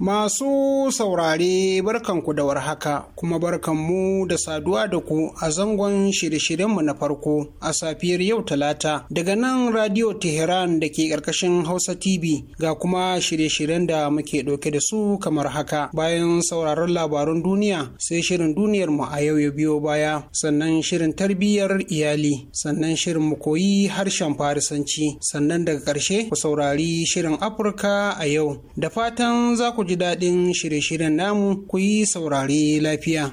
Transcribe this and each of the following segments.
Masu saurare barkanku da warhaka kuma barkanmu da saduwa da ku a zangon shirye-shiryenmu na farko a safiyar yau talata daga nan Radio Tehran da ke ƙarƙashin Hausa TV ga kuma shirye-shiryen da muke ɗauke da su kamar haka bayan sauraron labarun duniya sai shirin duniyar mu a yau ya biyo baya sannan shirin tarbiyyar iyali sannan shirin mu koyi harshen farisanci sannan daga ƙarshe ku saurari shirin Afirka a yau da fatan za ku ji daɗin shirye-shiryen namu ku yi saurari lafiya.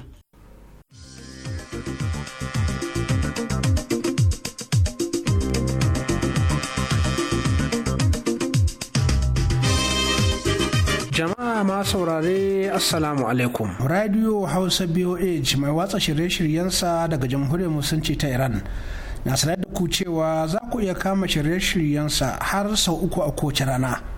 Jama'a ma saurare Assalamu alaikum. Radio Hausa BOH mai watsa shirye-shiryensa daga Jamhuriyar Musulunci ta Iran. Na sanar da ku cewa za ku iya kama shirye-shiryensa har sau uku a kowace rana.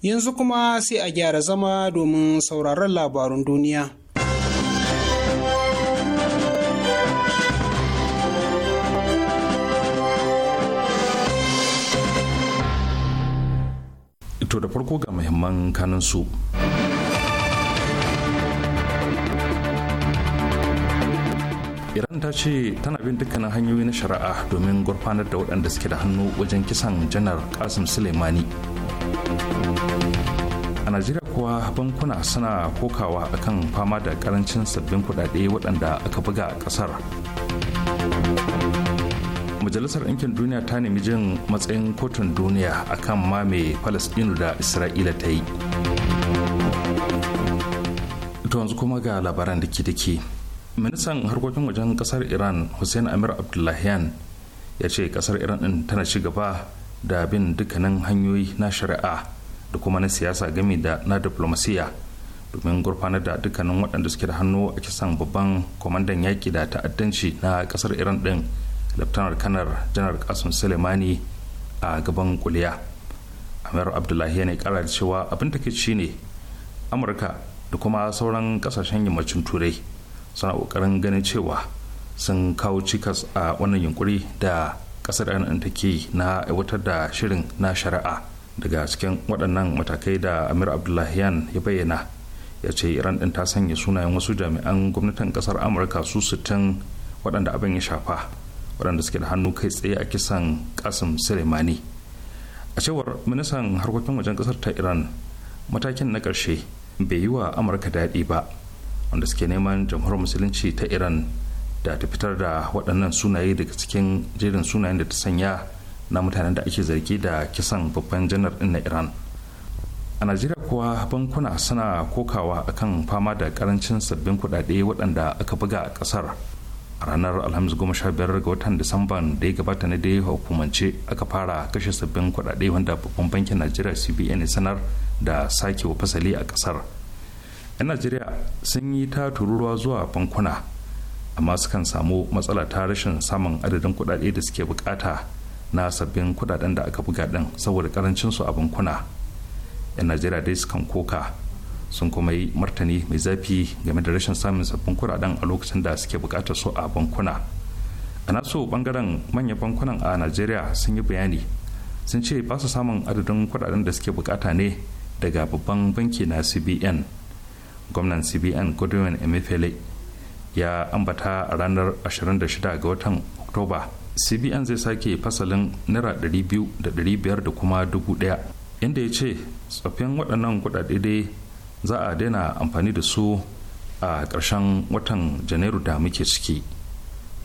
Yanzu kuma sai a gyara zama domin sauraron labarun duniya. To da farko ga muhimman su. iran ta ce tana bin dukkanin hanyoyi na shari'a domin gurfanar da waɗanda suke da hannu wajen kisan janar kasim suleimani a najeriya kuwa bankuna suna kokawa akan fama da karancin sabbin kudade waɗanda aka buga a ƙasar majalisar ɗinkin duniya ta nemi jin matsayin kotun duniya akan mame falasɗinu da isra'ila ta yi to yanzu kuma ga labaran da ke dake ministan harkokin wajen kasar iran hussein amir abdullahian ya ce kasar iran din tana ci gaba da bin dukkanin hanyoyi na shari'a da kuma na siyasa gami da na diplomasiya domin gurfanar da dukkanin waɗanda suke da hannu a kisan babban kwamandan yaƙi da ta'addanci na ƙasar iran ɗin laftanar kanar janar kasun sulemani a gaban kuliya amir abdullahi ne ƙara da cewa abin da take shine amurka da kuma sauran kasashen yammacin turai suna ƙoƙarin ganin cewa sun kawo cikas a wannan yunkuri da ƙasar iran take na aiwatar da shirin na shari'a daga cikin waɗannan matakai da amir abdullahian ya bayyana ya ce iran ɗin ta sanya sunayen wasu jami'an gwamnatin ƙasar amurka su sittin waɗanda abin ya shafa waɗanda suke da hannu kai tsaye a kisan kasim sulemani a cewar ministan harkokin wajen ƙasar ta iran matakin na ƙarshe bai yi wa amurka daɗi ba wanda suke neman jamhuriyar musulunci ta iran da ta fitar da waɗannan sunaye daga cikin jerin sunayen da ta sanya na mutanen da ake zargi da kisan babban janar din na iran a najeriya kuwa bankuna suna kokawa akan fama da karancin sabbin kudade waɗanda aka buga a ƙasar a ranar alhamis goma sha biyar ga watan disamban da ya gabata na dai hukumance aka fara kashe sabbin kudade wanda babban bankin najeriya cbn sanar da sake wa fasali a ƙasar 'yan najeriya sun yi ta tururuwa zuwa bankuna amma sukan samu matsala ta rashin samun adadin kudade da suke bukata na sabbin kudaden da aka buga din saboda karancin su a bankuna yan najeriya dai sukan koka sun kuma yi martani mai zafi game da rashin samun sabbin kudaden a lokacin da suke bukatar su a bankuna a so bangaren manyan bankunan a najeriya sun yi bayani sun ce ba su samun adadin kudaden da suke bukata ne daga babban banki na cbn gwamnan cbn godwin emefiele ya ambata a ranar 26 ga watan oktoba cbn zai sake fasalin naira biyu da biyar da kuma dubu 1000 inda ya ce tsoffin waɗannan kuɗaɗe dai za a daina amfani da su a ƙarshen watan janairu da muke ciki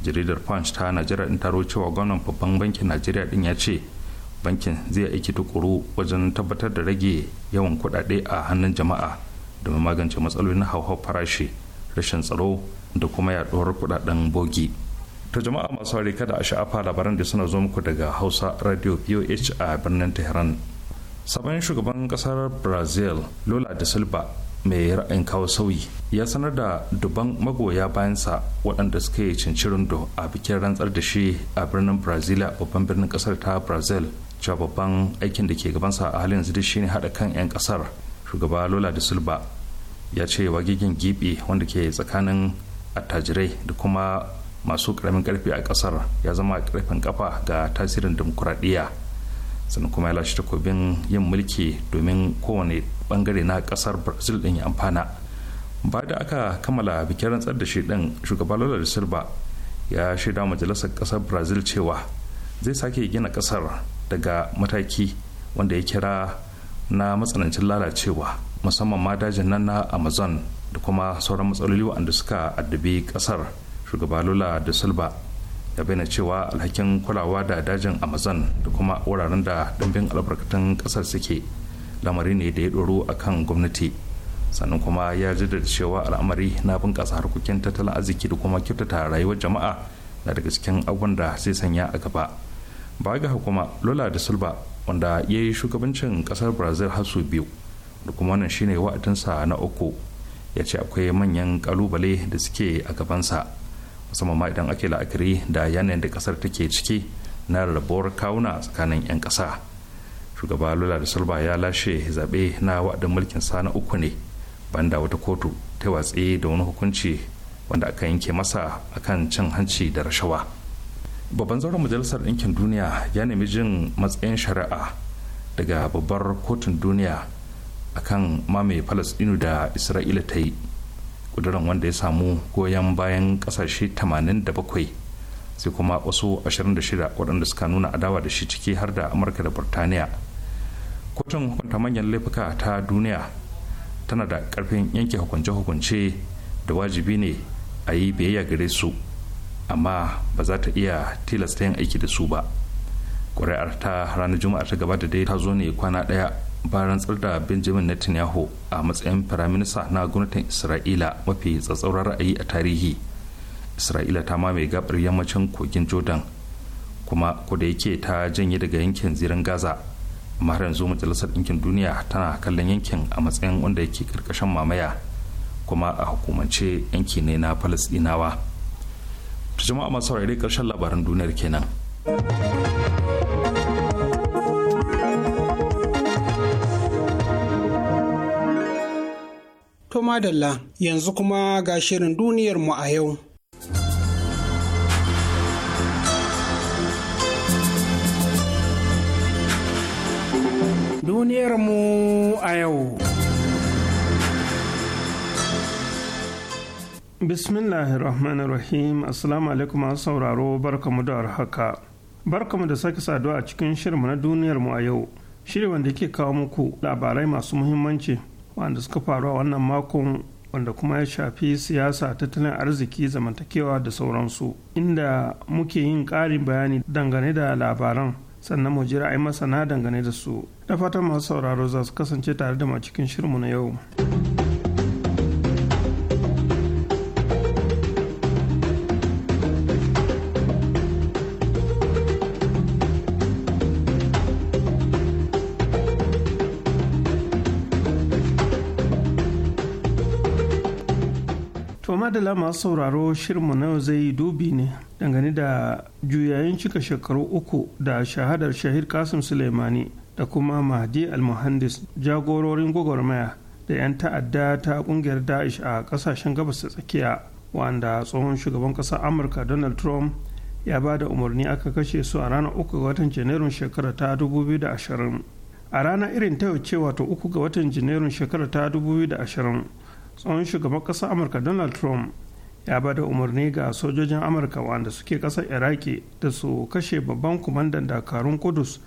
jaridar punch ta najeriya din taro cewa gwamnan babban bankin najeriya ɗin ya ce bankin zai aiki tukuru wajen tabbatar da rage yawan kuɗaɗe a hannun jama'a domin magance matsalolin hauhau farashi rashin tsaro da kuma yaɗuwar kuɗaɗen bogi. to jama'a masu saurari kada a sha'afa labaran da suna zo muku daga hausa radio voh a birnin tehran sabon shugaban kasar brazil lola da silba mai ra'ayin kawo sauyi ya sanar da duban magoya bayansa waɗanda suka yi do a bikin rantsar da shi a birnin brazil babban birnin kasar ta brazil cewa babban aikin da ke gabansa a halin yanzu shi ne haɗa kan 'yan kasar shugaba lola da silba ya ce wagigin giɓi wanda ke tsakanin attajirai da kuma masu karamin karfi a kasar ya zama karfin kafa ga tasirin demokuraɗiyya sannan kuma ya lashe takobin yin mulki domin kowane bangare na kasar brazil din ya amfana ba da aka kammala bikin rantsar da shi din shugaban da silba ya shaida majalisar kasar brazil cewa zai sake gina kasar daga mataki wanda ya kira na matsanancin lalacewa musamman ma dajin nan na amazon da kuma sauran matsaloli waɗanda suka addabi kasar shugaba lula da silba ya bayyana cewa alhakin kulawa da dajin amazon da kuma wuraren da dimbin albarkatun ƙasar suke lamari ne da ya ɗoro a kan gwamnati sannan kuma ya jaddada cewa al'amari na bunƙasa harkokin tattalin arziki da kuma kyautata rayuwar jama'a na daga cikin abubuwan da zai sanya a gaba ba ga hukuma lola da silba wanda ya yi shugabancin ƙasar brazil har sau biyu da kuma wannan shine wa'adinsa na uku ya ce akwai manyan kalubale da suke a gabansa musamman ma idan ake la'akari da yanayin da kasar take ciki na rabuwar kawuna tsakanin 'yan ƙasa shugaba lula da sulba ya lashe zaɓe na wa'adin mulkin sa na uku ne banda wata kotu ta watsi da wani hukunci wanda aka yanke masa akan cin hanci da rashawa babban zauren majalisar ɗinkin duniya ya nemi jin matsayin shari'a daga babbar kotun duniya akan mamaye falasɗinu da isra'ila ta yi kuduran wanda ya samu goyon bayan kasashe 87 sai kuma wasu 26 waɗanda suka nuna adawa da shi ciki har da amurka da burtaniya kotun hukunta manyan laifuka ta duniya tana da ƙarfin yanke hukunce-hukunce da wajibi ne a yi biyayya gare su amma ba za ta iya tilasta yin aiki da su ba ƙuri'ar ta ranar juma'a ta gaba da dai ta zo ne kwana ɗaya bayan da benjamin netanyahu a matsayin firaminista na gwamnatin isra'ila mafi tsatsauran ra'ayi a tarihi isra'ila ta mamaye gabar yammacin kogin jordan kuma kuda yake ta janye daga yankin zirin gaza amma har yanzu majalisar ɗinkin duniya tana kallon yankin a matsayin wanda yake karkashin mamaya kuma a hukumance yanki ne na falasɗinawa jama'a masu saurari karshen labaran duniyar kenan. madalla yanzu kuma ga shirin duniyar mu a yau. Duniyar mu a yau. Bismillahir Rahmanir Rahim Assalamu alaikum masu sauraro barkamu da haka. Barkamu da sake saduwa a cikin shirinmu na duniyarmu a yau. Shiri wanda ke kawo muku labarai masu muhimmanci wanda suka faru a wannan makon wanda kuma ya shafi siyasa tattalin arziki zamantakewa da sauransu inda muke yin ƙarin bayani dangane da labaran sannan mu jira ai masana dangane da su da fatan masu sauraro za su kasance tare da ma cikin shirmu na yau. adala masu sauraro shirinmu na yau zai yi dubi ne dangane da juyayin cika shekaru uku da shahadar shahid kasim suleimani da kuma mahdi almuhandis jagororin gwagwarmaya da 'yan ta'adda ta kungiyar da'ish a kasashen gabas ta tsakiya wanda tsohon shugaban kasar amurka donald trump ya ba da umarni aka kashe su a ranar uku ga watan janairun shekara ta 2020 a ranar irin ta yau cewa ta uku ga watan janairun shekara ta 2020 tsohon shugaban ƙasar amurka donald trump ya ba da umarni ga sojojin amurka wanda suke kasar iraki da su kashe babban kumandan dakarun kudus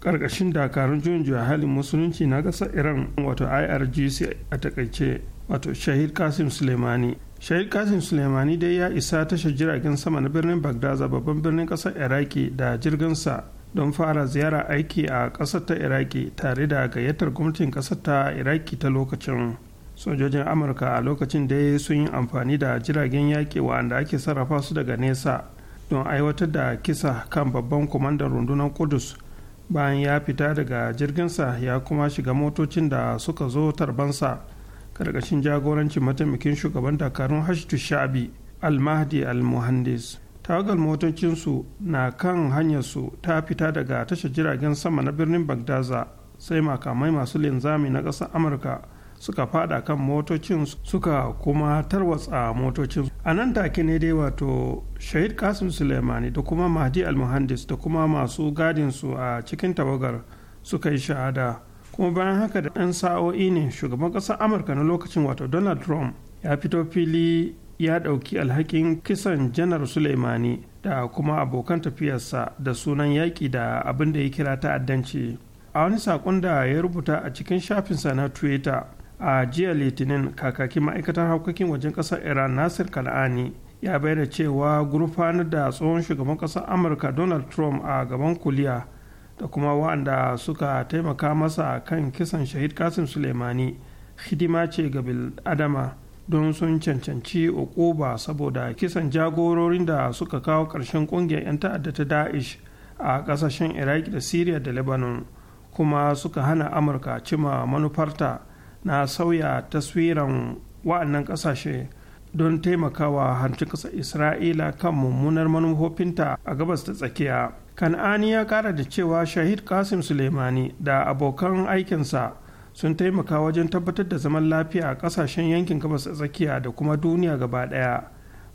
ƙarƙashin dakarun juyin juya halin musulunci na ƙasar iran wato irgc a takaice wato shahid kasim suleimani shahid kasim suleimani dai ya isa tashar jiragen sama na birnin bagdaza babban birnin ƙasar iraki da jirginsa don fara ziyara aiki a ƙasar ta iraki tare da gayyatar gwamnatin ƙasar ta iraki ta lokacin sojojin amurka a lokacin da ya sun yi amfani da jiragen yaƙi wanda ake sarrafa su daga nesa don aiwatar da kisa kan babban kwamandan rundunar kudus bayan ya fita daga jirginsa ya kuma shiga motocin da suka zo tarbansa karkashin jagorancin mataimakin shugaban dakarun hashtu shabi almahdi almuhandis tawagar motocinsu na kan hanyarsu ta fita daga tashar jiragen sama na birnin bagdaza sai makamai masu linzami na ƙasar amurka suka fada kan motocin suka kuma tarwatsa motocin a nan take ne dai wato shahid kasim suleimani da kuma mahdi almuhandis da kuma masu gadinsu a cikin tawagar suka yi shahada kuma bayan haka da ɗan sa'o'i ne shugaban ƙasar amurka na lokacin wato donald trump ya fito fili ya ɗauki alhakin kisan janar suleimani da kuma abokan tafiyarsa da sunan yaƙi da abin da ya kira ta'addanci a wani saƙon da ya rubuta a cikin shafinsa na twitter a jiya litinin kakakin ma'aikatar harkokin wajen ƙasar iran nasir kan'ani ya bayyana cewa gurfanar da tsohon shugaban ƙasar amurka donald trump a gaban kuliya da kuma waɗanda suka taimaka masa kan kisan shahid kasim suleimani hidima ce ga adama don sun cancanci ukuba saboda kisan jagororin da suka kawo ƙarshen ƙungiyar 'yan ta'adda ta da'ish a ƙasashen iraq da syria da lebanon kuma suka hana amurka cima manufarta na sauya taswiran wa'annan ƙasashe don taimakawa hancin ƙasar isra'ila kan mummunar manufofinta a gabas ta tsakiya kan'ani ya ƙara da cewa shahid kasim suleimani da abokan aikinsa sun taimaka wajen tabbatar da zaman lafiya a ƙasashen yankin gabas ta tsakiya da kuma duniya gaba ɗaya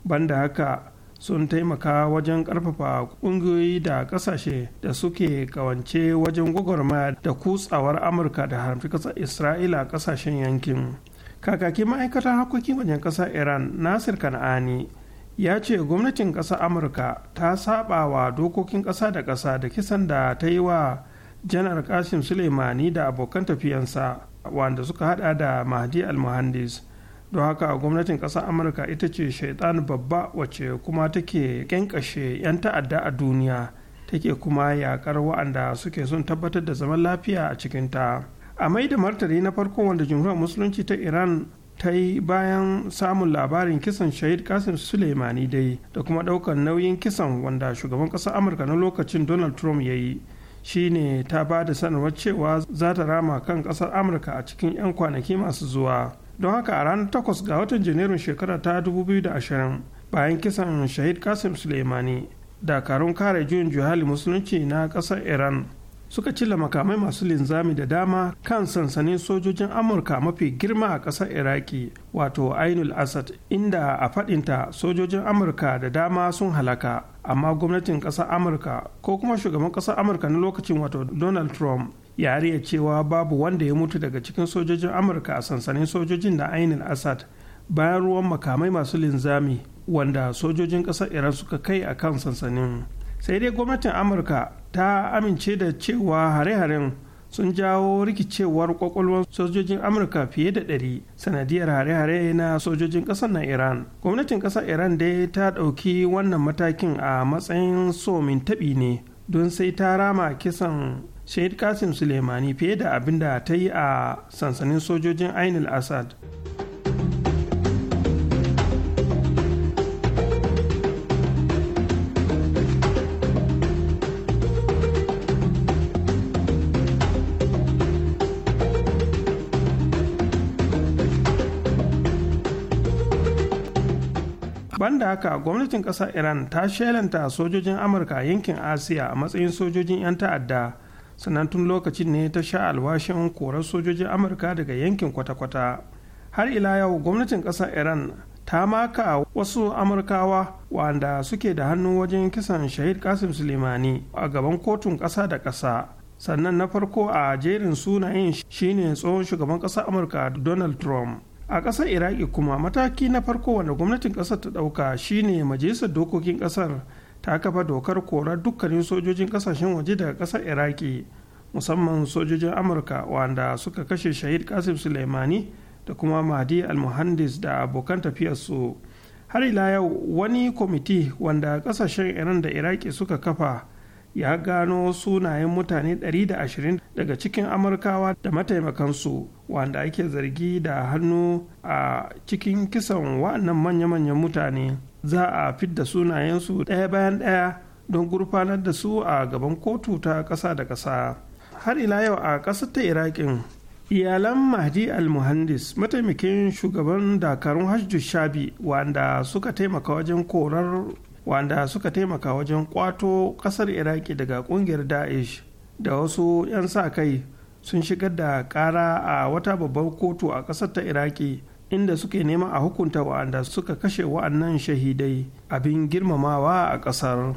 banda haka sun taimaka wajen ƙarfafa ƙungiyoyi da ƙasashe da suke kawance wajen gwagwarmaya da kutsawar amurka da harfi ƙasar isra'ila ƙasashen yankin kakakin ma'aikatar harkokin wajen ƙasar iran nasir kan'ani ya ce gwamnatin ƙasar amurka ta saba wa dokokin ƙasa da ƙasa da kisan da ta yi wa janar kasim suleimani da abokan tafiyansa wanda suka hada da mahdi al-muhandis don haka gwamnatin ƙasar amurka ita ce shaidan babba wacce kuma take ƙyanƙashe 'yan ta'adda a duniya take kuma yaƙar wa'anda suke son tabbatar da zaman lafiya a cikinta a mai da martani na farko wanda jumhuriyar musulunci ta iran ta yi bayan samun labarin kisan shahid kasim suleimani dai da kuma ɗaukar nauyin kisan wanda shugaban ƙasar amurka na lokacin donald trump ya yi shine ta ba da sanarwar cewa za ta rama kan ƙasar amurka a cikin 'yan kwanaki masu zuwa don haka a ranar takwas ga watan janairun shekara ta 2020 bayan kisan shahid kasim suleimani dakarun kare juyin juhali musulunci na kasar iran suka cilla makamai masu linzami da dama kan sansanin sojojin amurka mafi girma a kasar iraki wato ainul asad inda a fadinta sojojin amurka da dama sun halaka amma gwamnatin kasar amurka ko kuma shugaban kasar amurka na lokacin wato donald trump ya cewa babu wanda ya mutu daga cikin sojojin amurka a sansanin sojojin na ainihin assad bayan ruwan makamai masu linzami wanda sojojin kasar iran suka kai a kan sansanin sai dai gwamnatin amurka ta amince da cewa hare-haren sun jawo rikicewar kwakwalwar sojojin amurka fiye da ɗari sanadiyar hare-hare na sojojin kasar na iran gwamnatin kasar iran dai ta ɗauki wannan matakin a matsayin somin taɓi ne don sai ta rama kisan shahid kasim suleimani fiye da abin da ta yi a sansanin sojojin ainul asad banda haka gwamnatin kasar iran ta shelanta sojojin amurka yankin asiya a matsayin sojojin 'yan ta'adda sannan tun lokacin ne ta sha alwashin korar sojojin amurka daga yankin kwata-kwata har ila yau gwamnatin ƙasar iran ta maka wasu amurkawa wanda suke da hannu wajen kisan shahid kasim sulemani a gaban kotun ƙasa da ƙasa sannan na farko a jerin sunayen shine tsohon shugaban ƙasar amurka donald trump a ƙasar iraki kuma mataki na farko wanda gwamnatin ƙasar ta ɗauka shine majalisar dokokin ƙasar ta kafa dokar korar dukkanin sojojin kasashen waje daga kasar iraki musamman sojojin amurka wanda suka kashe shahid kasim suleimani da kuma mahdi almuhandis da abokan tafiyarsu har ila yau wani kwamiti wanda kasashen iran da iraki suka kafa ya gano sunayen mutane 120 daga cikin amurkawa da mataimakansu wanda ake zargi da hannu a cikin kisan wa'annan manya-manyan mutane za a fidda sunayensu ɗaya bayan ɗaya don gurfanar da su a gaban kotu ta ƙasa da ƙasa har ila yau a ƙasar ta iraƙin iyalan mahdi al almuhandis mataimakin shugaban dakarun hajji shabi wanda suka taimaka wajen korar wanda suka taimaka wajen kwato ƙasar iraki daga ƙungiyar daesh da wasu 'yan sa kai sun shigar da ƙara a wata babbar kotu a ƙasar ta iraki inda suke nema a hukunta wa'anda suka kashe wa'annan shahidai abin girmamawa a ƙasar.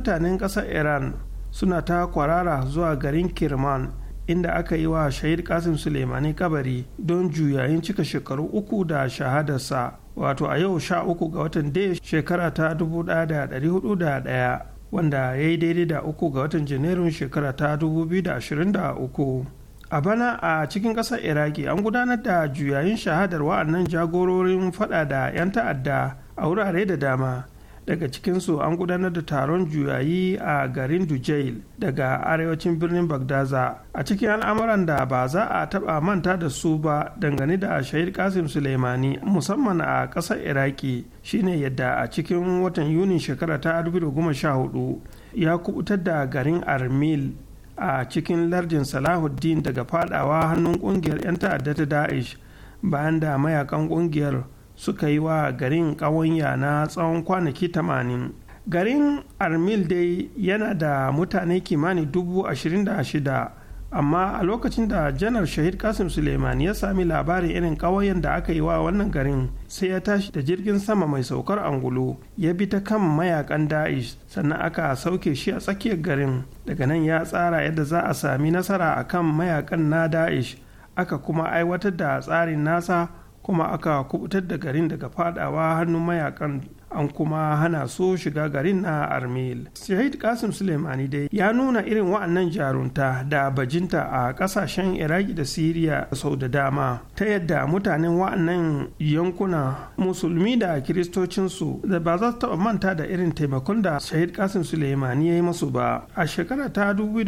mutanen ƙasar iran suna ta kwarara zuwa garin kirman inda aka yi wa shahid kasim suleimani kabari don juyayin cika shekaru uku da shahadarsa wato a yau sha uku ga watan da shekara ta 1401 wanda ya yi daidai da uku ga watan janairun shekara ta 2023 a bana a cikin ƙasar iraki an gudanar da juyayin shahadar wa'annan jagororin fada da 'yan ta'adda a wurare da dama daga cikinsu an gudanar da taron juyayi a garin dujail daga arewacin birnin bagdaza a cikin al'amuran da ba za a taba manta da su ba dangane da shahid kasim suleimani musamman a ƙasar iraki shine yadda a cikin watan yunin shekara ta 2014 ya kubutar da garin armil a cikin lardin salahuddin daga fadawa hannun kungiyar 'yan ta'adda ta da'ish bayan da mayakan kungiyar suka yi wa garin ƙawanya na tsawon kwanaki tamanin. garin armil dai yana da mutane kimanin dubu ashirin da shida amma a lokacin da janar shahid kasim suleiman ya sami labarin irin ƙawayen da aka yi wa wannan garin sai ya tashi da jirgin sama mai saukar angulu ya bi ta kan mayakan da'ish sannan aka sauke shi a tsakiyar garin daga nan ya tsara yadda za a sami nasara a kan mayakan na da'ish aka kuma aiwatar da tsarin nasa kuma aka kubutar da garin daga fadawa hannun mayakan an kuma hana su shiga garin na armil shahid kasim suleimani dai ya nuna irin wa'annan jarunta da bajinta a kasashen iraki da siriya sau da dama ta yadda mutanen wa'annan yankuna musulmi da kiristocinsu da ba za su taɓa manta da irin taimakon da shahid kasim suleimani ya yi masu ba a shekara ta hudu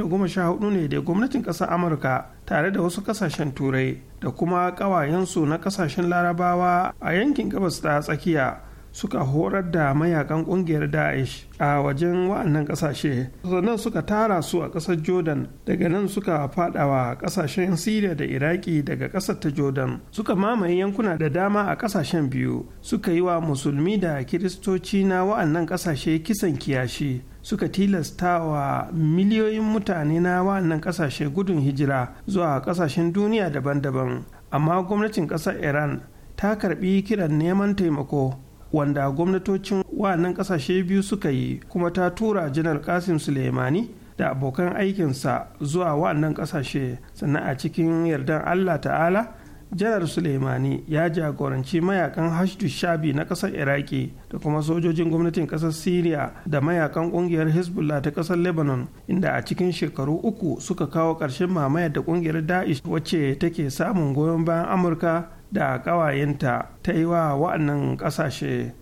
ne da gwamnatin ƙasar amurka tare da wasu kasashen turai da kuma ƙawayensu na kasashen larabawa a yankin gabas ta tsakiya suka horar da mayakan kungiyar daesh a wajen wa'annan ƙasashe. sannan suka tara su a ƙasar jordan daga nan suka fadawa ƙasashen syria da iraki daga ƙasar ta jordan suka mamaye yankuna da dama a ƙasashen biyu suka yi wa musulmi da kiristoci na wa'annan ƙasashe kisan kiyashi suka tilasta wa miliyoyin mutane na wa'annan ƙasashe gudun hijira zuwa ƙasashen duniya daban-daban amma gwamnatin ƙasar iran ta karɓi kiran neman taimako wanda gwamnatocin wannan kasashe biyu suka yi kuma ta tura janar kasim suleimani da abokan aikinsa zuwa wannan kasashe sannan a cikin yardan allah ta'ala janar suleimani ya jagoranci mayakan hashdu shabi na kasar iraki da kuma sojojin gwamnatin kasar syria da mayakan kungiyar hezbollah ta kasar lebanon inda a cikin shekaru uku suka kawo ƙarshen mamayar da kungiyar da'ish wacce take samun goyon bayan amurka da ƙawayenta ta yi wa wa'annan kasashe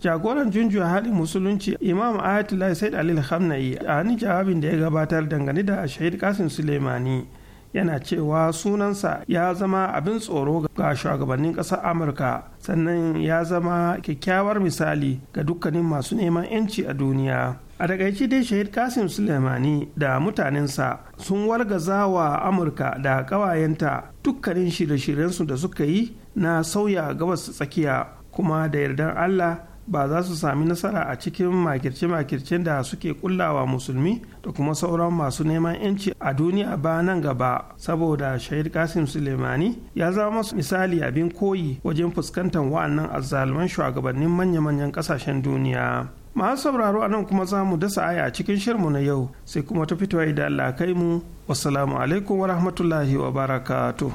jagoran junjuwa halin musulunci imam ayatollah said alil hamnai a wani jawabin da ya gabatar dangane da shahid kasim suleimani yana cewa sunansa ya zama abin tsoro ga shugabannin ƙasar amurka sannan ya zama kyakkyawar misali ga dukkanin masu neman 'yanci a duniya a takaici dai shahid kasim sulemani da mutanensa sun wargaza wa amurka da kawayenta dukkanin shirye-shiryensu da suka yi na sauya gabas tsakiya kuma da yardar allah ba za su sami nasara a cikin makirce-makircen da suke kullawa musulmi da kuma sauran masu neman yanci a duniya ba nan gaba saboda shahid kasim sulemani ya zama masu misali abin koyi wajen fuskantar wa'annan azzaluman shugabannin manya-manyan kasashen duniya masu sauraro nan kuma za mu dasa aya a cikin shirmu na yau sai kuma ta fitowa da Allah kai mu wasalamu alaikum wa rahmatullahi wa barakatu.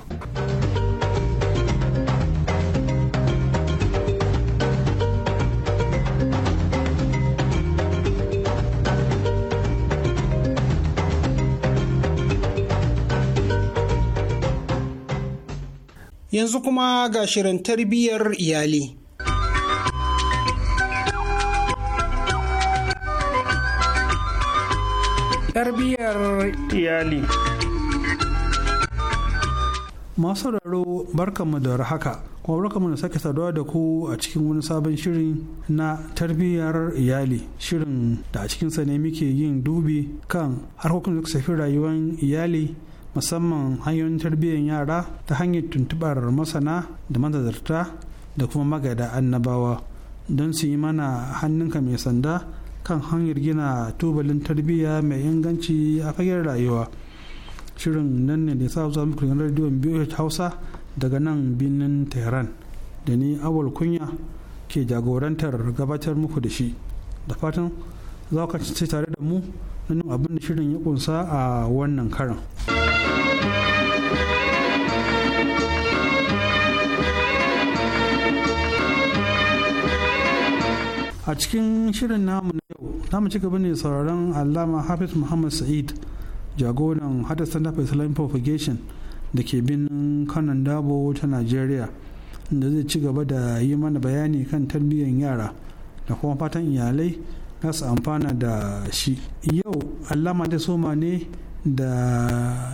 Yanzu kuma ga shirin tarbiyyar iyali. tarbiyyar iyali masu raro barkanmu da haka kuma barkanmu da sake saduwa da ku a cikin wani sabon shirin na tarbiyyar iyali shirin da a cikinsa ne muke yin dubi kan harkokin da shafi rayuwar iyali musamman hanyoyin tarbiyyar yara ta hanyar tuntubar masana da manzarta da kuma magada annabawa don su yi mana hannunka mai sanda kan hanyar gina tubalin tarbiyya mai inganci a fagen rayuwa shirin nan ne da sa zuwa muku daga rediyon Hausa daga nan birnin Tehran da ni awal kunya ke jagorantar gabatar muku da shi da fatan za ku tare da mu nan abin da shirin ya kunsa a wannan karan. a cikin shirin namu na yau namu ci gaba ne sauraron allama hafiz muhammad sa'id jagoran hada standard for islamic propagation da ke binin kanan dabo ta nigeria da zai ci gaba da yi mana bayani kan tarbiyyar yara da kuma fatan iyalai na su amfana da shi yau alama da soma ne da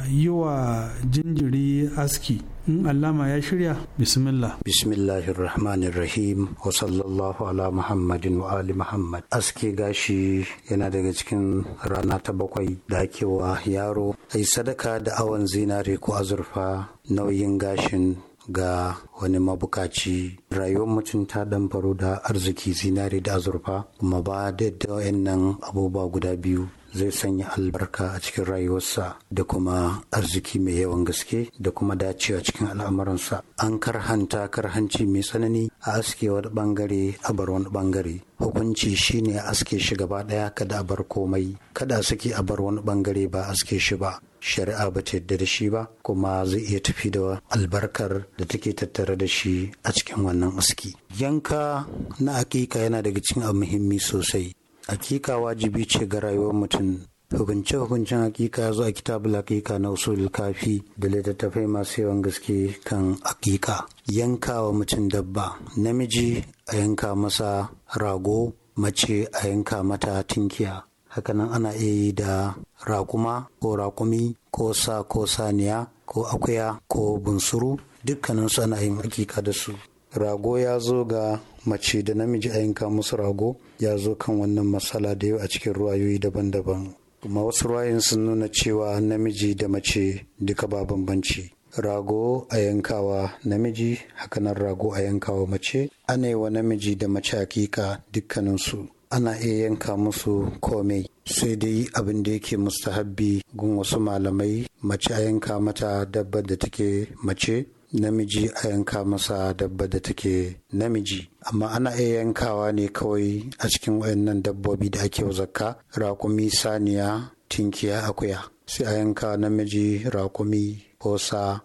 yiwa jinjiri aski in allama ya shirya bismillah bismillahir rahmanir rahim wa sallallahu ala muhammadin wa ali muhammad aske gashi yana daga cikin rana ta bakwai da wa yaro ai sadaka da awon zinare ko azurfa nauyin gashin ga wani mabukaci rayuwar mutum ta dan faru da arziki zinari da azurfa kuma ba da nan abubuwa guda biyu zai sanya albarka a cikin rayuwarsa da kuma arziki mai yawan gaske da kuma dacewa cikin al'amuransa an karhanta karhanci mai tsanani a aske wani bangare a bar wani bangare hukunci shine a aske shi gaba daya kada a bar komai kada a saki a bar wani bangare ba aske shi ba shari'a ba ta yadda da shi ba kuma zai iya tafi da albarkar da take tattare da shi a cikin wannan aski yanka na hakika yana daga cikin abu muhimmi sosai hakika wajibi ce ga rayuwar mutum hukunce-hukuncen hakika zo a kitabul hakika na usul kafi da littattafai masu yawan gaske kan hakika yankawa mutum dabba namiji a yanka masa rago mace a yanka mata tinkiya hakanan ana iya yi da rakuma ko rakumi ko sa ko saniya ko akuya ko bunsuru dukkaninsu ana yin hakika da su rago ya zo ga mace da namiji a yanka musu rago ya zo kan wannan matsala da yau a cikin ruwayoyi daban-daban kuma wasu ruwayoyin sun nuna cewa namiji da mace duka ba bambanci rago a yankawa namiji hakanan rago a yankawa mace ana yi wa namiji da mace hakika dukkaninsu ana iya yanka musu komai sai dai abin da yake mustahabbi gun wasu malamai mace a yanka mata dabba da take mace namiji a yanka masa dabba da take namiji amma ana iya yankawa ne kawai a cikin wayannan dabbobi da ake zakka rakumi saniya tinkiya akuya sai a yanka namiji rakumi ko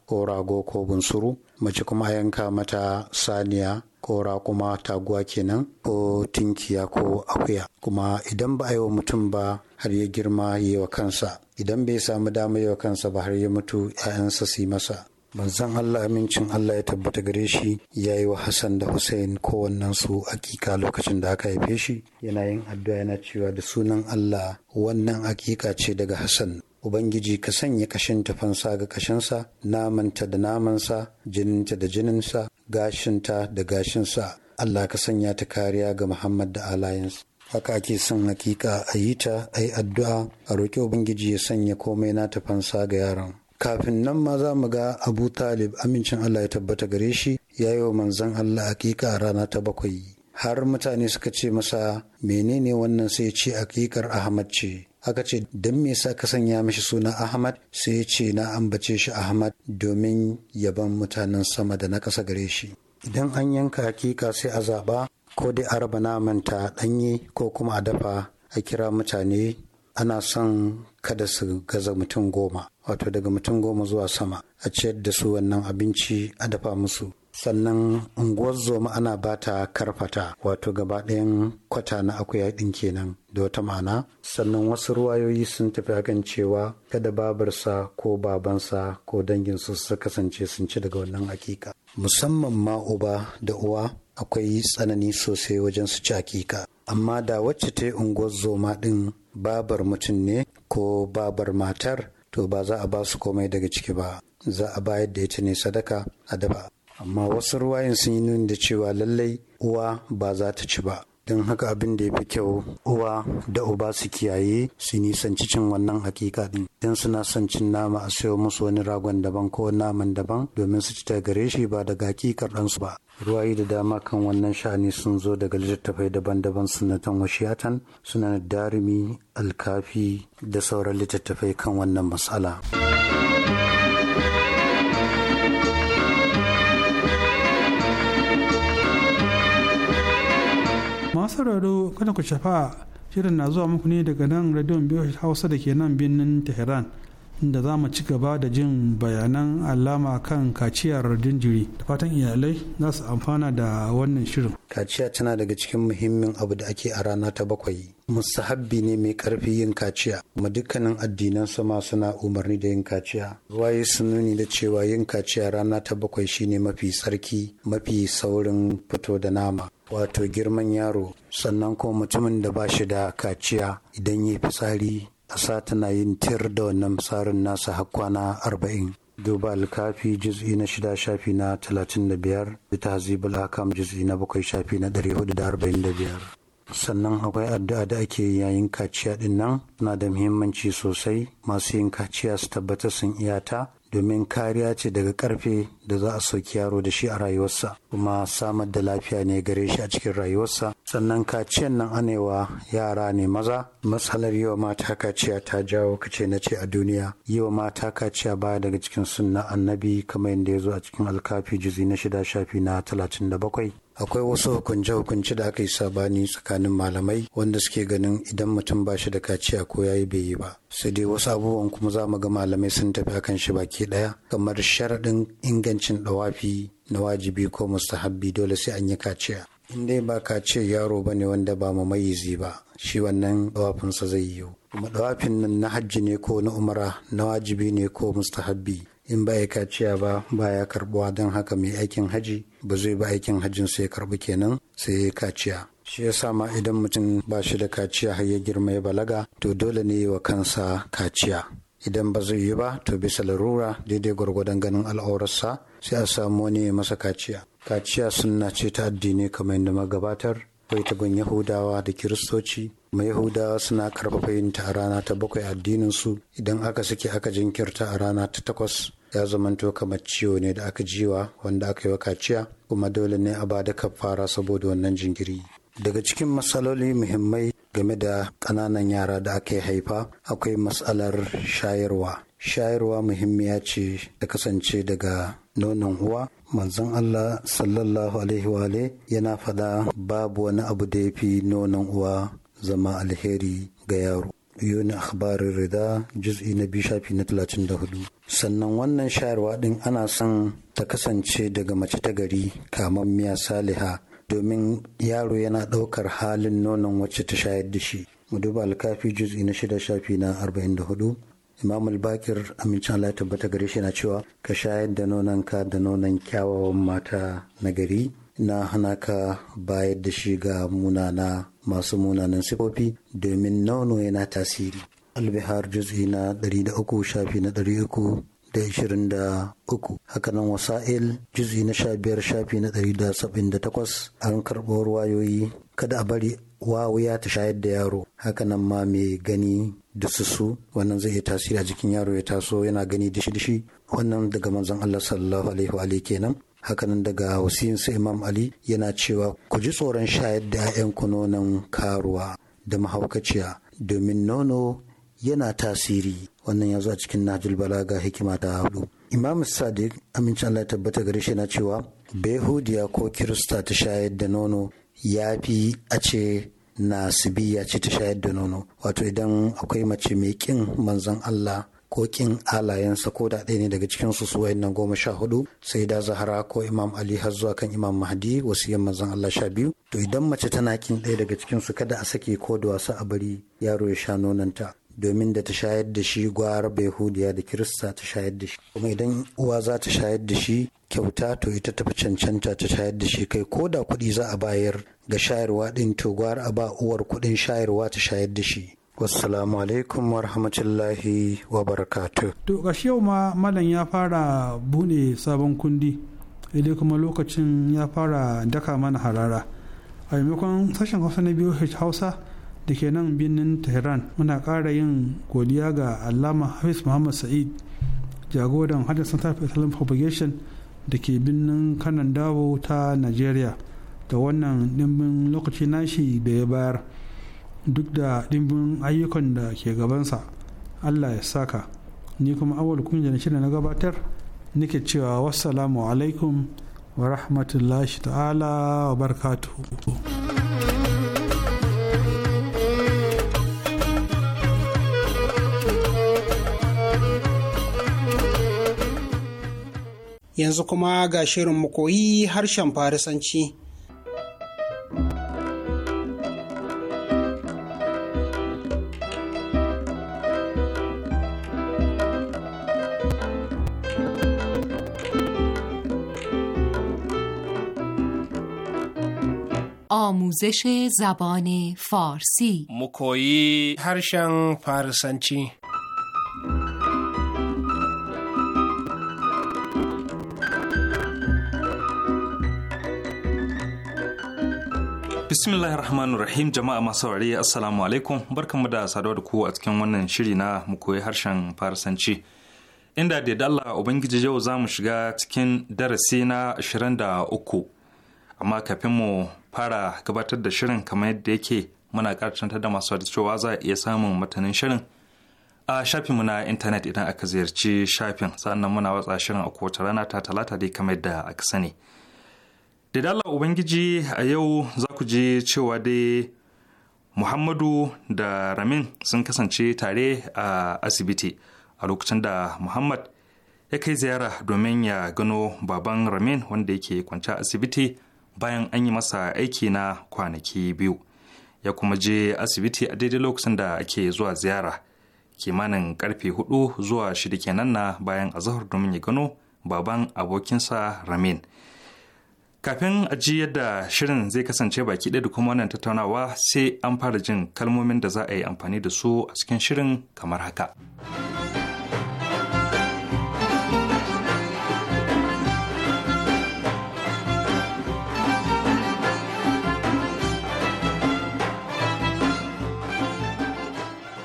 ko rago ko bunsuru mace kuma a yanka mata saniya ko raƙuma taguwa kenan ko tinkiya ko akuya kuma idan ba a yi wa mutum ba har ya girma yi wa kansa idan bai samu dama yi wa kansa ba har ya mutu 'ya'yansa su yi masa san Allah amincin Allah ya tabbata gare shi ya yi wa Hassan da Hussein kowannen su akika lokacin da aka haife shi yana yin addu'a yana cewa da sunan Allah wannan akika ce daga Hassan Ubangiji ka sanya kashin tafansa ga kashinsa, namanta da namansa, jininta da jininsa, gashinta da gashinsa, Allah ka sanya ta kariya ga Muhammad da alayensa. haka ake son hakika a yi ta a yi addu'a a roƙi ubangiji ya sanya komai na tafansa ga yaron kafin nan ma za mu ga abu talib amincin allah ya tabbata gare shi ya yi wa manzan allah hakika a rana ta bakwai har mutane suka ce masa menene wannan sai ce hakikar ahmad ce aka ce don me sa ka sanya mashi suna ahmad sai ya ce na ambace shi ahmad domin yaban mutanen sama da na ƙasa gare shi idan an yanka hakika sai a zaɓa ko dai a raba naman ta ɗanye ko kuma a dafa a kira mutane ana son kada su gaza mutum goma wato daga mutum goma zuwa sama a ciyar da su wannan abinci a dafa musu sannan unguwar zoma ana ba ta karfata wato gaba ɗayan kwata na akuya ɗin kenan da wata ma'ana sannan wasu ruwayoyi sun tafi hakan cewa kada babarsa ko babansa ko danginsu su kasance sun ci daga wannan hakika musamman ma uba da uwa akwai tsanani sosai wajen su ci hakika amma da wacce ta yi unguwar zoma ɗin babar mutum ne ko babar matar to ba za a ba su komai daga ciki ba za a bayar da ita ne sadaka a dafa amma wasu ruwayin sun yi nuni da cewa lallai uwa ba za ta ci ba don haka abin da ya fi kyau uwa da uba su kiyaye su nisanci cin wannan hakika din idan suna son cin nama a sayo musu wani ragon daban ko naman daban domin su ci gare shi ba daga hakikar ɗansu ba ruwayi da dama kan wannan sha'ani sun zo daga littattafai daban-daban sunatan washiyatan suna darimi alkafi da sauran littattafai kan wannan matsala. masu raro kada ku shafa shirin na zuwa muku ne daga nan radion biyu hausa da ke nan birnin tehran inda za mu ci gaba da jin bayanan alama kan kaciyar jinjiri da fatan iyalai za su amfana da wannan shirin kaciya tana daga cikin muhimmin abu da ake a rana ta bakwai musahabbi ne mai karfi yin kaciya kuma dukkanin addinan sama suna umarni da yin kaciya waye sun nuni da cewa yin kaciya rana ta bakwai shine mafi tsarki mafi saurin fito da nama wato girman yaro sannan kuma mutumin da ba shi da kaciya idan ya fitsari a satana yin tir da wannan fitsarin nasa har kwana arba'in duba alkafi juz'i na shida shafi na talatin da biyar da zibul hakam juz'i na bakwai shafi na ɗari hudu da arba'in da biyar sannan akwai addu'a da ake yayin kaciya din nan na da muhimmanci sosai masu yin kaciya su tabbatar sun iyata domin kariya ce daga karfe da za a soki yaro da shi a rayuwarsa kuma samar da lafiya ne gare shi a cikin rayuwarsa sannan kaciyan nan anewa yara ne maza matsalar yi wa mata kaciya ta jawo kace na ce a duniya yi wa mata kaciya baya daga cikin sunna annabi kamar yadda ya zo a cikin alkafi juzi na shida shafi na talatin da bakwai akwai wasu hukunce-hukunce da aka yi sabani tsakanin malamai wanda suke ganin idan mutum ba shi da kaciya ko ya yi bai yi ba sai dai wasu abubuwan kuma za mu ga malamai sun tafi akan shi baki ɗaya kamar sharaɗin ingancin ɗawafi na wajibi ko mustahabbi dole sai an yi kaciya in dai ba kaciya yaro ba ne wanda ba mu mayizi ba shi wannan ɗawafinsa zai yiwu kuma ɗawafin nan na hajji ne ko na umara na wajibi ne ko mustahabbi in ba ya kaciya ba ba ya karɓuwa don haka mai aikin haji ba zai ba aikin hajjin sai karbi kenan sai ya kaciya shi yasa ma idan mutum ba shi da kaciya har ya girma ya balaga to dole ne wa kansa kaciya idan ba zai yi ba to bisa larura daidai gwargwadon ganin al'aurarsa sai a samu wani masa kaciya kaciya sunna ce ta addini kamar yadda magabatar akwai ta yahudawa da kiristoci mai yahudawa suna karfafa yin ta a rana ta bakwai addininsu idan aka sake aka jinkirta a rana ta takwas ya zamanto kamar ciwo ne da aka jiwa wanda aka yi wa kaciya kuma dole ne a ba da kafara saboda wannan jingiri. daga cikin matsaloli muhimmai game da ƙananan yara da aka haifa akwai matsalar shayarwa shayarwa muhimmiya ce da kasance daga nonon uwa manzon Allah sallallahu alaihi wa yana fada babu wani abu da yafi nonon uwa zama alheri ga yaro yoni akhbarin rida juz'i na biyu shafi na talatin da hudu sannan wannan shayarwa din ana son ta kasance daga mace ta gari kamar miya saliha domin yaro yana ɗaukar halin nonon wacce ta shayar da shi mu duba alkafi juz'i na shida shafi na arba'in da hudu imam Albakir bakir amincin allah tabbata gare shi na cewa ka shayar da nonon ka da nonon kyawawan mata na gari na hana ka bayar da shi ga munana masu munanan sifofi domin nono yana tasiri albihar juz'i na 300 shafi na uku da ishirin da uku hakanan wasa'il juz'i na sha shafi na ɗari da saba'in da takwas an karɓo wayoyi kada a bari wa wuya ta shayar da yaro hakanan ma mai gani da susu wannan zai iya tasiri a jikin yaro ya taso yana gani dishi dishi wannan daga manzon Allah sallallahu alaihi wa kenan hakanan daga wasiyin sa Imam Ali yana cewa ku ji tsoron shayar da 'ya'yan nonon karuwa da mahaukaciya domin nono yana tasiri wannan ya zo a cikin najil balaga hikima ta hudu imam sadiq amincin allah ya tabbata gare shi na cewa behudiya ko kirista ta shayar da nono ya fi a ce nasibiya ce ta shayar da nono wato idan akwai mace mai kin manzon allah ko kin alayensa ko da ɗaya ne daga cikin su suwayin nan goma sha hudu sai da zahara ko imam ali har zuwa kan imam mahdi wasu yan manzon allah sha biyu to idan mace tana kin ɗaya daga cikin su kada a sake ko da wasa a bari yaro ya sha nonanta domin da ta shayar da shi gwara yahudiya da kirista ta shayar da shi kuma idan uwa za ta shayar da shi kyauta to ita ta fi cancanta ta shayar da shi kai ko da kuɗi za a bayar ga shayarwa ɗin to gwara a ba uwar kuɗin shayarwa ta shayar da shi wasalamu alaikum wa rahmatullahi wa barakatu to ƙarshe yau ma malam ya fara bune sabon kundi idan kuma lokacin ya fara daka mana harara a maimakon sashen hausa na biyu hausa da ke nan birnin tehran muna ƙara yin godiya ga alama hafiz muhammad sa'id jagoran hadar center for propagation da ke birnin kanan dawo ta nigeria da wannan dimbin lokaci nashi da ya bayar duk da dimbin ayyukan da ke gabansa allah ya saka ni kuma awal kunja na shirya na gabatar nake cewa wassalamu alaikum wa rahmatullahi ta'ala wa barakatuhu yanzu kuma ga shirin mu koyi harshen farisanci آموزش زبان فارسی مکویی هرشن farisanci bismillahir rahmanir rahim jama'a masu saurari assalamu alaikum barkanmu da saduwa da ku a cikin wannan shiri na mu koyi harshen farsanci inda da Allah ubangiji yau za mu shiga cikin darasi na 23 amma kafin mu fara gabatar da shirin kamar yadda yake muna karatantar da masu wari cewa za a iya samun matanin shirin a shafinmu na intanet idan aka ziyarci shafin sannan muna watsa shirin a kowace rana ta talata dai kamar yadda aka sani da dala ubangiji a yau za ku ji cewa dai muhammadu da ramin sun kasance tare a asibiti a lokacin da muhammad ya kai ziyara domin ya gano baban ramin wanda yake kwanci asibiti bayan an yi masa aiki na kwanaki biyu ya kuma je asibiti a daidai lokacin da ake zuwa ziyara kimanin karfe hudu zuwa shida kenan na bayan azahar domin ya gano baban abokinsa ramin Kafin aji yadda shirin zai kasance baki ɗaya da kuma wannan tattaunawa sai an fara jin kalmomin da za a yi amfani da su a cikin shirin kamar haka.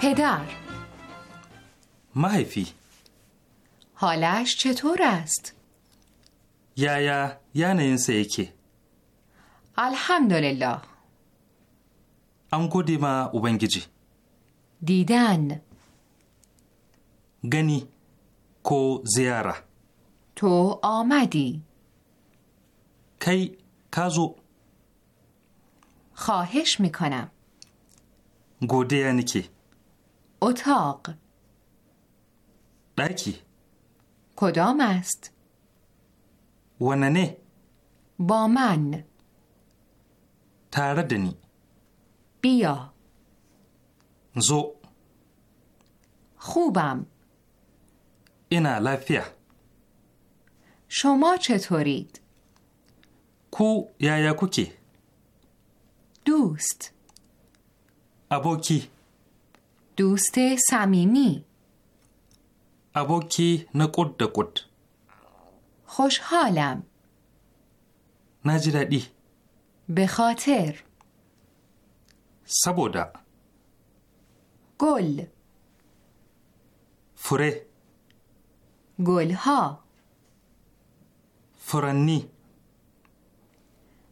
پدر mahaifi. حالش چطور است؟ Yaya yanayinsa yake? Alhamdulillah. An gode ma Ubangiji. Didan. Gani ko ziyara. To amadi. Kai ka zo. خواهش میکنم گوده یعنی کی؟ اتاق بکی کدام است؟ وننه با من تردنی بیا زو خوبم اینا لافیه شما چطورید؟ کو یا یا کی؟ دوست ابوکی دوست صمیمی ابوکی نکود دکود خوشحالم نجردی به خاطر سبودا گل فره گلها فرنی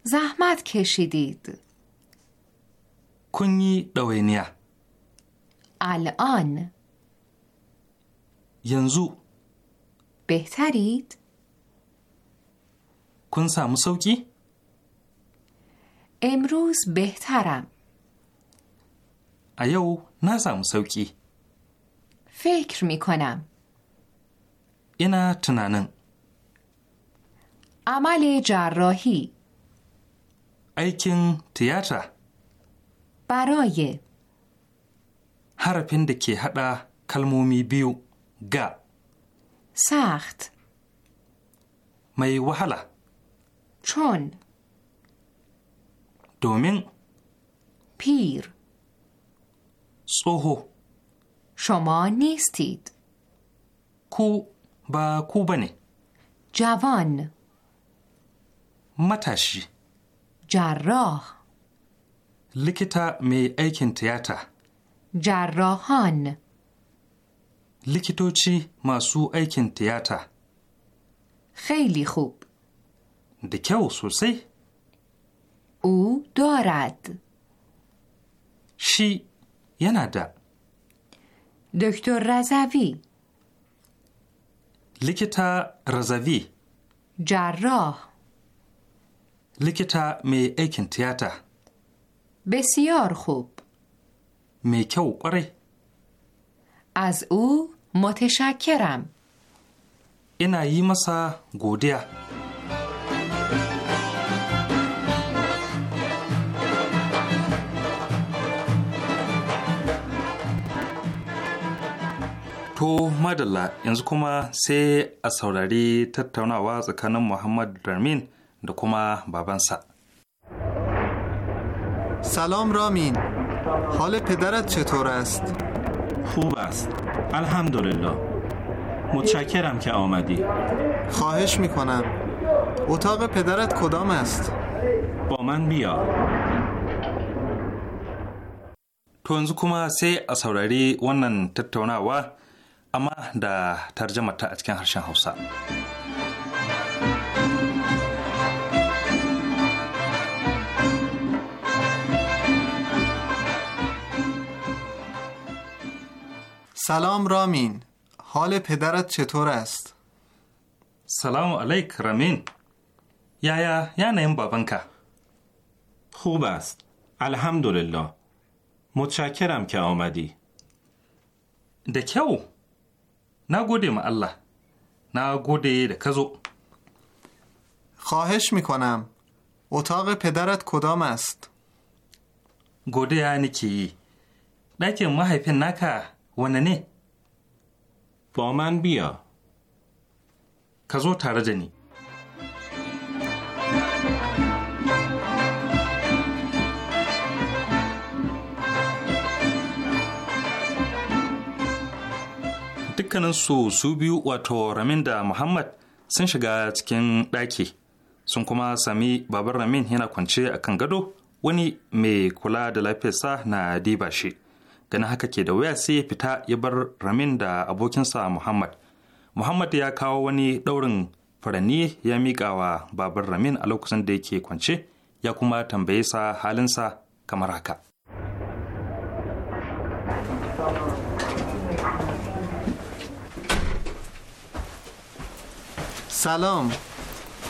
زحمت کشیدید کنی دوینیا الان ینزو بهترید؟ کن سامو سوکی؟ امروز بهترم ایو نسامو سوکی فکر می کنم اینا تنانن عمل جراحی aikin tiyata Baroge. harafin da ke haɗa kalmomi biyu ga sacht mai wahala چون دومین پیر سوهو شما نیستید کو با کوبنه جوان متشی جراح لکتا می ایکن تیاتا جراحان لکتوچی ماسو ایکن تیاتا خیلی خوب da e kyau او دارد. شی yana da. دکتر رزوی لیکتا رزوی جراح لیکتا می ایکن تیاتا بسیار خوب می کو قره از او متشکرم اینا یی مسا گودیا تو madalla yanzu kuma sai a saurari tattaunawa tsakanin Muhammad Ramin da kuma babansa. سلام رامین حال پدرت چطور است؟ خوب است الحمدلله متشکرم که آمدی خواهش میکنم اتاق پدرت کدام است؟ با من بیا تو انزو کما سی اصوراری ونن تتوناوا amma da tarjamata a cikin harshen hausa سلام رامین حال پدرت چطور است؟ سلام علیک رامین یا یا یا نیم بابنکا خوب است الحمدلله متشکرم که آمدی دکه Na gode ma Allah, na gode da ka zo. خواهش میکنم اتاق پدرت کدام است؟ گوده یعنی کی؟ لیکن محیف نکه وننه با من بیا کزو تردنی dukkanin su biyu wato ramin da muhammad sun shiga cikin ɗaki sun kuma sami babar ramin yana kwance a kan gado wani mai kula da lafiyarsa na diba shi ganin haka ke da waya sai ya fita ya bar ramin da abokinsa muhammad muhammad ya kawo wani ɗaurin furanni ya miƙa wa babar ramin a lokacin da yake kwance ya kuma tambaye sa halinsa kamar haka سلام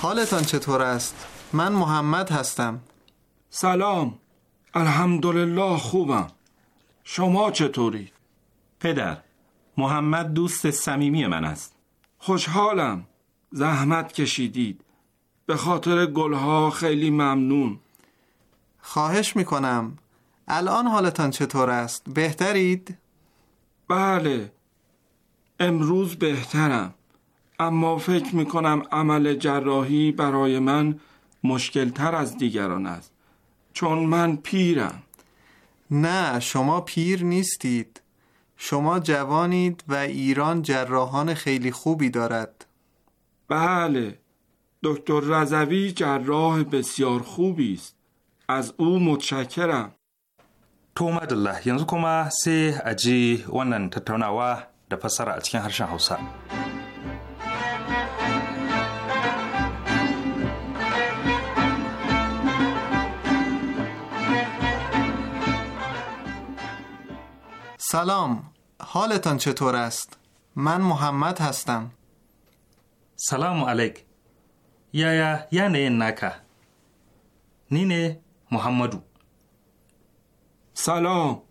حالتان چطور است؟ من محمد هستم سلام الحمدلله خوبم شما چطورید؟ پدر محمد دوست صمیمی من است خوشحالم زحمت کشیدید به خاطر گلها خیلی ممنون خواهش میکنم الان حالتان چطور است؟ بهترید؟ بله امروز بهترم اما فکر می کنم عمل جراحی برای من مشکل تر از دیگران است چون من پیرم نه شما پیر نیستید شما جوانید و ایران جراحان خیلی خوبی دارد بله دکتر رضوی جراح بسیار خوبی است از او متشکرم تو الله yanzu kuma سه a ji wannan tattaunawa da سلام حالتان چطور است؟ من محمد هستم سلام علیک یا یعنی نکه نینه محمدو سلام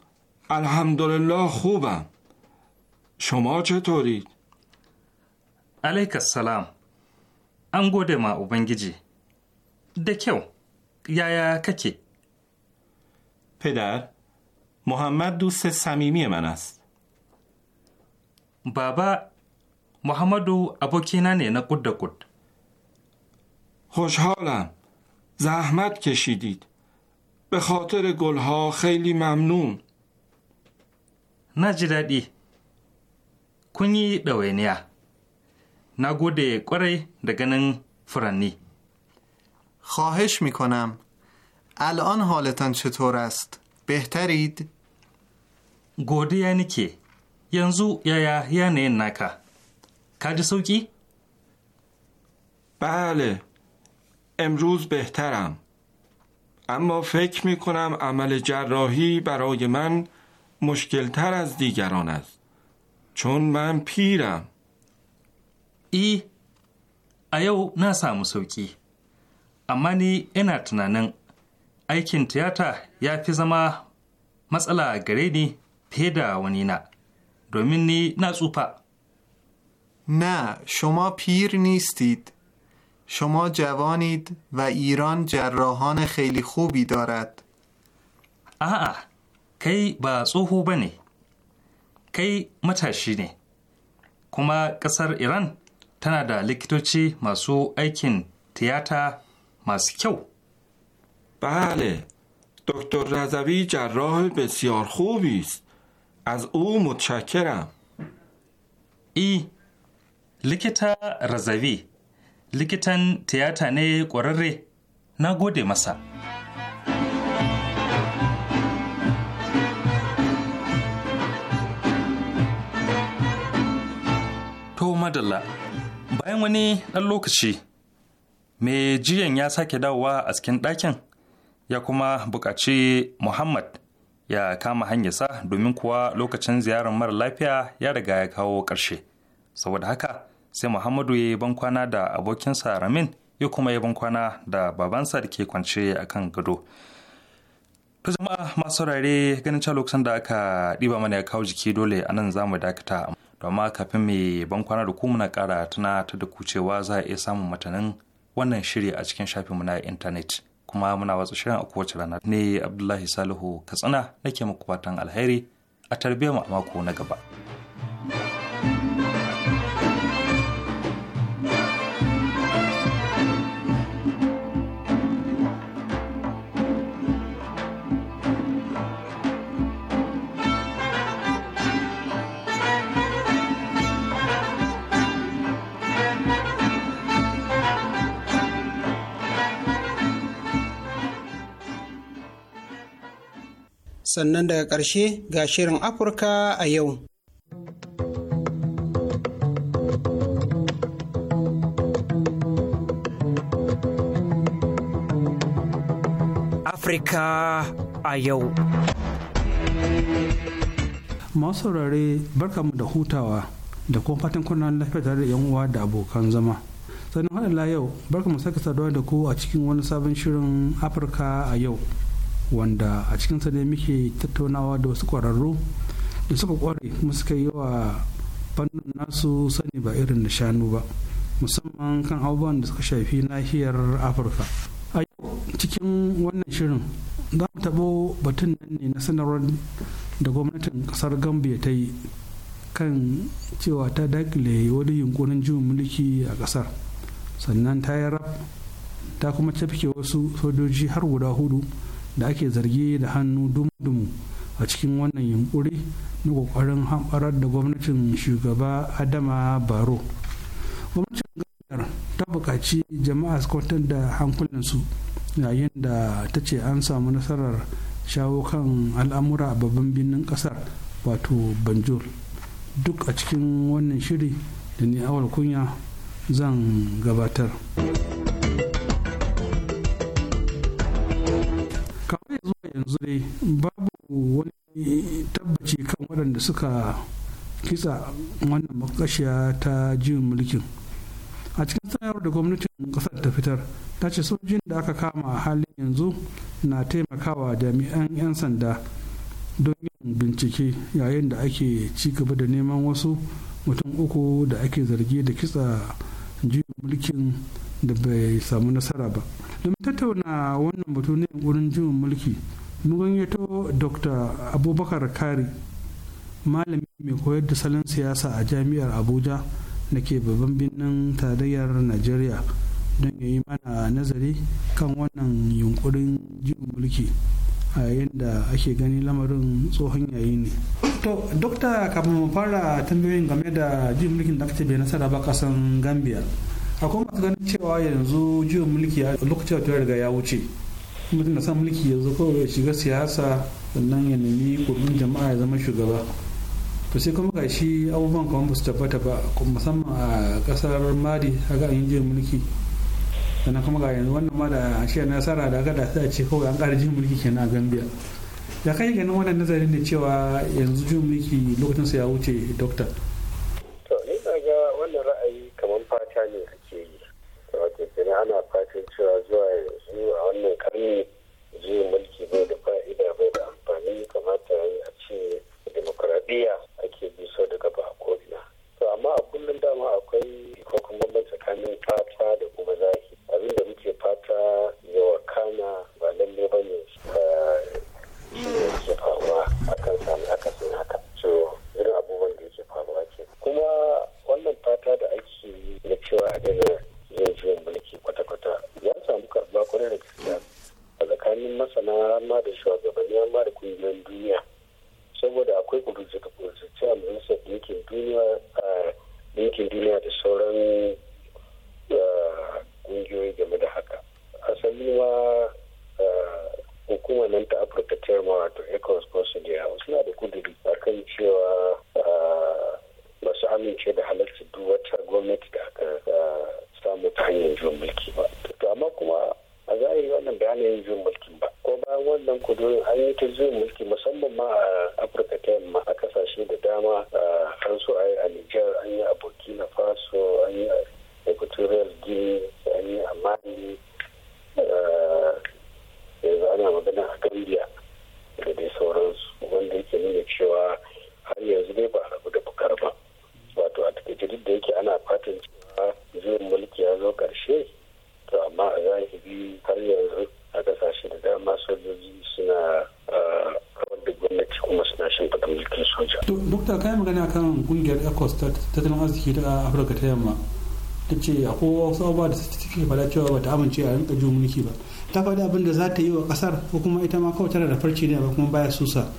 الحمدلله خوبم شما چطورید؟ علیک السلام an ما ما اوبنگیجی دکیو یا یا ککی محمد دوست صمیمی من است. بابا محمدو ابو نه نه قد قد. خوشحالم. زحمت کشیدید. به خاطر گلها خیلی ممنون. نجردی. کنی دوینیا. نگوده قره دگنن فرنی. خواهش میکنم الان حالتان چطور است؟ بهترید؟ godiya nike yanzu yaya yanayin naka ka ji sauki بله امروز بهترم اما فکر می کنم عمل جراحی برای من مشکلتر از دیگران است چون من پیرم ای ایو نه سامو سوکی اما نی اینا تنانن aikin tiyata ya fi zama matsala gare ni پیده ونی نه رومین نی نه شما پیر نیستید شما جوانید و ایران جراحان خیلی خوبی دارد آه کی با سوهو بنی کی متشی نی کما کسر ایران تنا دا لکتوچی ماسو ایکن تیاتا مسکو بله دکتر رضوی جراح بسیار خوبی است از او متشکرم ای likita razavi likitan tiyata ne ƙwararre na gode masa to madalla bayan wani ɗan lokaci mai jiyan ya sake dawowa a cikin ɗakin ya kuma buƙaci muhammad ya kama sa domin kuwa lokacin ziyarar mara lafiya ya riga ya kawo ƙarshe saboda haka sai muhammadu ya yi bankwana da abokinsa ramin ya kuma yi bankwana da babansa da ke kwance a kan gado ta jama'a masu rare ganin cewa lokacin da aka ɗiba mana ya kawo jiki dole a nan za mu dakata amma kafin mai bankwana da ku muna ƙara tana ta da ku cewa za a iya samun matanin wannan shiri a cikin shafinmu na intanet kuma muna watsa shirin a kowace rana ne abdullahi salihu katsina nake muku fatan alheri a tarbiyyar mako na gaba. thank you sannan daga ƙarshe ga shirin Afirka a yau. Afirka a yau. Masu saurare barkamu da hutawa da kuma fatan kwanan lafiya tare da 'yan uwa da abokan zama. Sannan haɗa yau barkamu sake saduwa da ku a cikin wani sabon shirin Afirka a yau. wanda a cikin ne muke tattaunawa da wasu ƙwararru da suka ƙware kuma suka yi wa fannin nasu sani ba irin na shanu ba musamman kan abubuwan da suka shafi nahiyar afirka a yau cikin wannan shirin za mu taɓo batun nan ne na sanarwar da gwamnatin ƙasar gambia ta yi kan cewa ta dakile wani yunkurin jin mulki a ƙasar sannan ta yi rab ta kuma cafke wasu sojoji har guda hudu da ake zargi da hannu dumu-dumu a cikin wannan yunkuri na kokarin hamɓarar da gwamnatin shugaba adama baro gwamnatin gabatar ta buƙaci jama'a su kwatar da hankulansu yayin da ta ce an samu nasarar shawo kan al'amura a babban birnin ƙasar wato banjo duk a cikin wannan shiri da ni awal kunya zan gabatar. kamar zuwa yanzu dai babu wani tabbaci kan waɗanda suka kisa wannan makashiya ta jin mulkin a cikin sanarwar da gwamnatin ƙasar ta fitar ta ce sojin da aka kama a halin yanzu na taimakawa jami'an 'yan sanda don yin bincike yayin da ake ci gaba da neman wasu mutum uku da ake zargi da kitsa jin mulkin da bai samu nasara ba domin tattauna wannan batu ne wurin jin mulki mun gayyato dr abubakar kari malami mai koyar da salon siyasa a jami'ar abuja da ke babban birnin tarayyar najeriya don ya yi mana nazari kan wannan yunkurin jin mulki a da ake gani lamarin tsohon yayi ne to dokta kafin mu fara tambayoyin game da jin mulkin da aka ce bai nasara ba kasan gambia akwai masu ganin cewa yanzu juyin mulki a lokacin da riga ya wuce mutum na san mulki yanzu kawai ya shiga siyasa sannan ya nemi kudin jama'a ya zama shugaba to sai kuma gashi shi abubuwan kamar ba su tabbata ba musamman a kasar mali haka ga yin juyin mulki sannan kuma ga yanzu wannan ma da ashe nasara da aka da sai a ce kawai an ƙara juyin mulki kenan a gambia da kai ganin wannan nazarin da cewa yanzu juyin mulki lokacinsa ya wuce dokta zaɓe zai mulki bai da fa'ida bai da amfani kamata a ce demokuraɗiyya ake bi so da gaba a to amma a kullum dama akwai ko kuma tsakanin fata da kuma zaki. Abin da muke fata yawa kana ba lalle ba ne shi ne ke faruwa akan sami akasin haka to irin abubuwan da yake faruwa ke kuma wannan fata da ake yi na cewa a daina na amma da shugabanni amma da kungiyoyin duniya saboda akwai gurgurce-gurgurce a majalisar ɗinkin duniya a ɗinkin duniya da sauran kungiyoyi game da haka asali ma hukumar nan ta afirka ta yamma wato ecos consulia suna da kuduri a kan cewa ba su amince da halarci duk wata gwamnati da aka samu ta hanyar juyin mulki ba amma kuma a zahiri wannan bayanin juyin mulki wannan kudurin an yi ta zuwa mulki musamman ma a afirka ta yamma a kasashe da dama a so a yi a niger an yi a burkina faso an yi a equatorial guinea an yi a mali tattalin arziki ta afirka ta yamma ta ce akwai wasu abubuwa da suke faɗa cewa ba ta amince a rinka jin mulki ba ta faɗi abin da za ta yi wa ƙasar ko kuma ita ma kawai tana da farce ne ba kuma baya susa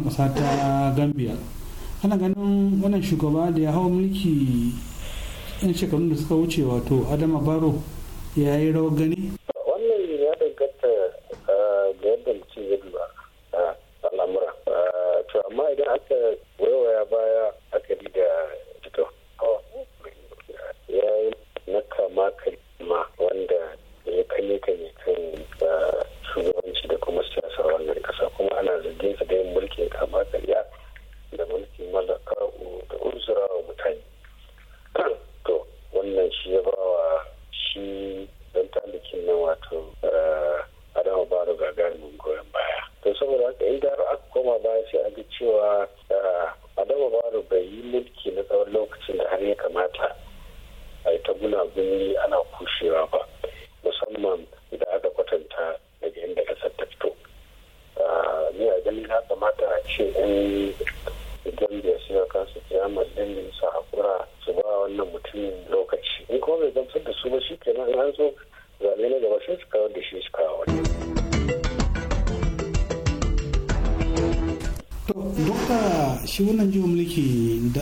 wannan ƙasa ta gambia ana ganin wannan shugaba da ya hau mulki yan shekarun da suka wuce wato adama baro ya yi rawar gani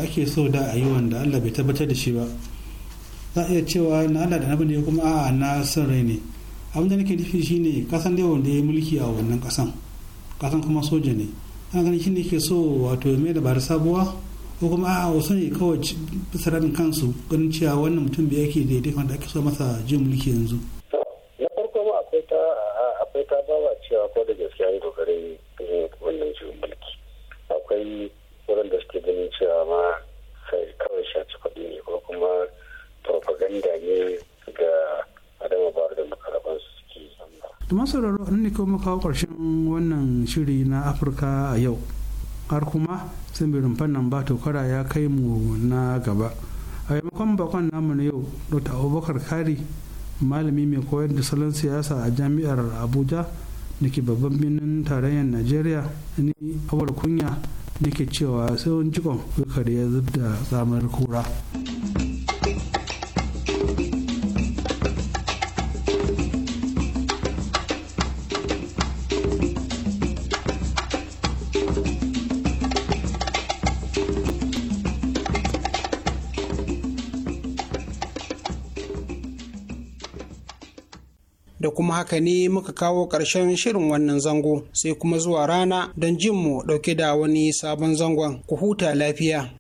ake so da a yi wanda Allah bai tabbatar da shi ba za a iya cewa na Allah da na ne kuma a'a na son rai ne abinda nake nufi ne kasan da wanda ya mulki a wannan kasan kasan kuma soja ne ana ganin ne ke so wato mai da bari sabuwa ko kuma a wasu ne kawai bisa kansu ganin cewa wannan mutum bai yake daidai wanda ake so masa jin mulki yanzu masauraro an ne kuma kawo ƙarshen wannan shiri na afirka a yau har kuma tsibirin fannin ba tokara ya kai mu na gaba a yamakon bakon namu na yau dr abubakar kari malami mai koyar da salon siyasa a jami'ar abuja da ke babban birnin tarayyar nigeria ni awar kunya da ke cewa sai wani jikon ya zub da tsamar kura. kuma haka ne muka kawo ƙarshen shirin wannan zango sai kuma zuwa rana don jin mu ɗauke da wani sabon zangon ku huta lafiya